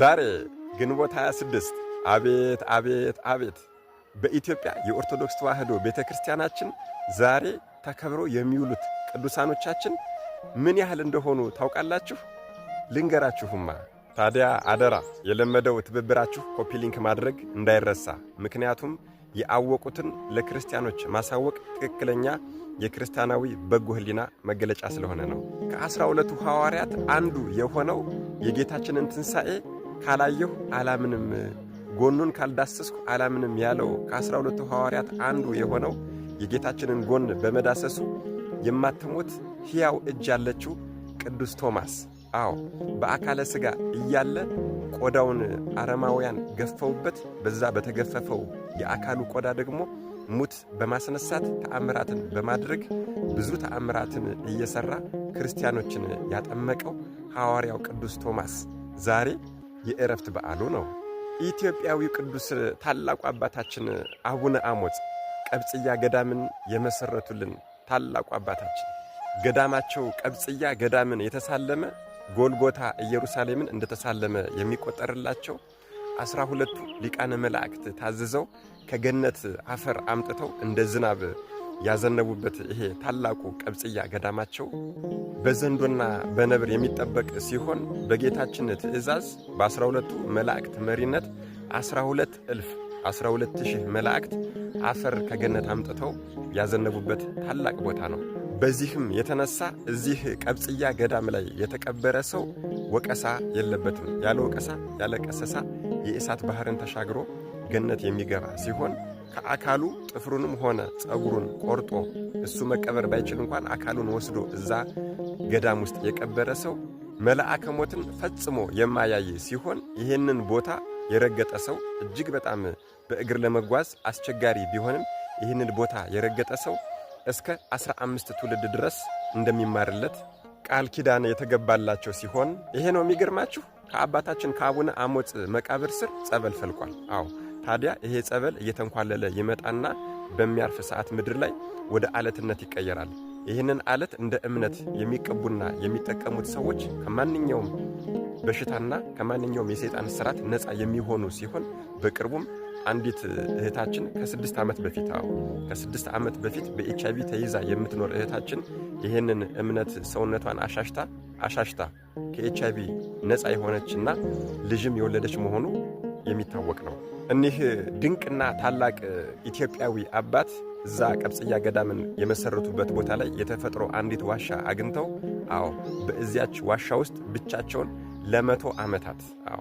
ዛሬ ግንቦት 26 አቤት አቤት አቤት! በኢትዮጵያ የኦርቶዶክስ ተዋህዶ ቤተ ክርስቲያናችን ዛሬ ተከብረው የሚውሉት ቅዱሳኖቻችን ምን ያህል እንደሆኑ ታውቃላችሁ? ልንገራችሁማ። ታዲያ አደራ የለመደው ትብብራችሁ ኮፒሊንክ ማድረግ እንዳይረሳ። ምክንያቱም የአወቁትን ለክርስቲያኖች ማሳወቅ ትክክለኛ የክርስቲያናዊ በጎ ሕሊና መገለጫ ስለሆነ ነው። ከአስራ ሁለቱ ሐዋርያት አንዱ የሆነው የጌታችንን ትንሣኤ ካላየሁ አላምንም፣ ጎኑን ካልዳሰስኩ አላምንም ያለው ከአስራ ሁለቱ ሐዋርያት አንዱ የሆነው የጌታችንን ጎን በመዳሰሱ የማትሞት ሕያው እጅ ያለችው ቅዱስ ቶማስ አዎ በአካለ ሥጋ እያለ ቆዳውን አረማውያን ገፈውበት በዛ በተገፈፈው የአካሉ ቆዳ ደግሞ ሙት በማስነሳት ተአምራትን በማድረግ ብዙ ተአምራትን እየሠራ ክርስቲያኖችን ያጠመቀው ሐዋርያው ቅዱስ ቶማስ ዛሬ የእረፍት በዓሉ ነው። ኢትዮጵያዊ ቅዱስ ታላቁ አባታችን አቡነ አሞጽ ቀብጽያ ገዳምን የመሠረቱልን ታላቁ አባታችን ገዳማቸው ቀብጽያ ገዳምን የተሳለመ ጎልጎታ ኢየሩሳሌምን እንደተሳለመ የሚቆጠርላቸው አስራ ሁለቱ ሊቃነ መላእክት ታዝዘው ከገነት አፈር አምጥተው እንደ ዝናብ ያዘነቡበት ይሄ ታላቁ ቀብጽያ ገዳማቸው በዘንዶና በነብር የሚጠበቅ ሲሆን በጌታችን ትእዛዝ በአስራ ሁለቱ መላእክት መሪነት አስራ ሁለት እልፍ አስራ ሁለት ሺህ መላእክት አፈር ከገነት አምጥተው ያዘነቡበት ታላቅ ቦታ ነው። በዚህም የተነሳ እዚህ ቀብጽያ ገዳም ላይ የተቀበረ ሰው ወቀሳ የለበትም። ያለ ወቀሳ ያለ ቀሰሳ የእሳት ባህርን ተሻግሮ ገነት የሚገባ ሲሆን ከአካሉ ጥፍሩንም ሆነ ጸጉሩን ቆርጦ እሱ መቀበር ባይችል እንኳን አካሉን ወስዶ እዛ ገዳም ውስጥ የቀበረ ሰው መልአከ ሞትን ፈጽሞ የማያይ ሲሆን ይህንን ቦታ የረገጠ ሰው እጅግ በጣም በእግር ለመጓዝ አስቸጋሪ ቢሆንም ይህንን ቦታ የረገጠ ሰው እስከ አስራ አምስት ትውልድ ድረስ እንደሚማርለት ቃል ኪዳን የተገባላቸው ሲሆን ይሄ ነው የሚገርማችሁ ከአባታችን ከአቡነ አሞጽ መቃብር ስር ጸበል ፈልቋል። አዎ ታዲያ ይሄ ጸበል እየተንኳለለ ይመጣና በሚያርፍ ሰዓት ምድር ላይ ወደ አለትነት ይቀየራል። ይህንን አለት እንደ እምነት የሚቀቡና የሚጠቀሙት ሰዎች ከማንኛውም በሽታና ከማንኛውም የሰይጣን ስርዓት ነፃ የሚሆኑ ሲሆን በቅርቡም አንዲት እህታችን ከስድስት ዓመት በፊት አዎ ከስድስት ዓመት በፊት በኤች አይቪ ተይዛ የምትኖር እህታችን ይህንን እምነት ሰውነቷን አሻሽታ አሻሽታ ከኤች አይቪ ነፃ የሆነችና ልጅም የወለደች መሆኑ የሚታወቅ ነው። እኒህ ድንቅና ታላቅ ኢትዮጵያዊ አባት እዛ ቀብጽያ ገዳምን የመሰረቱበት ቦታ ላይ የተፈጥሮ አንዲት ዋሻ አግኝተው፣ አዎ በእዚያች ዋሻ ውስጥ ብቻቸውን ለመቶ ዓመታት አዎ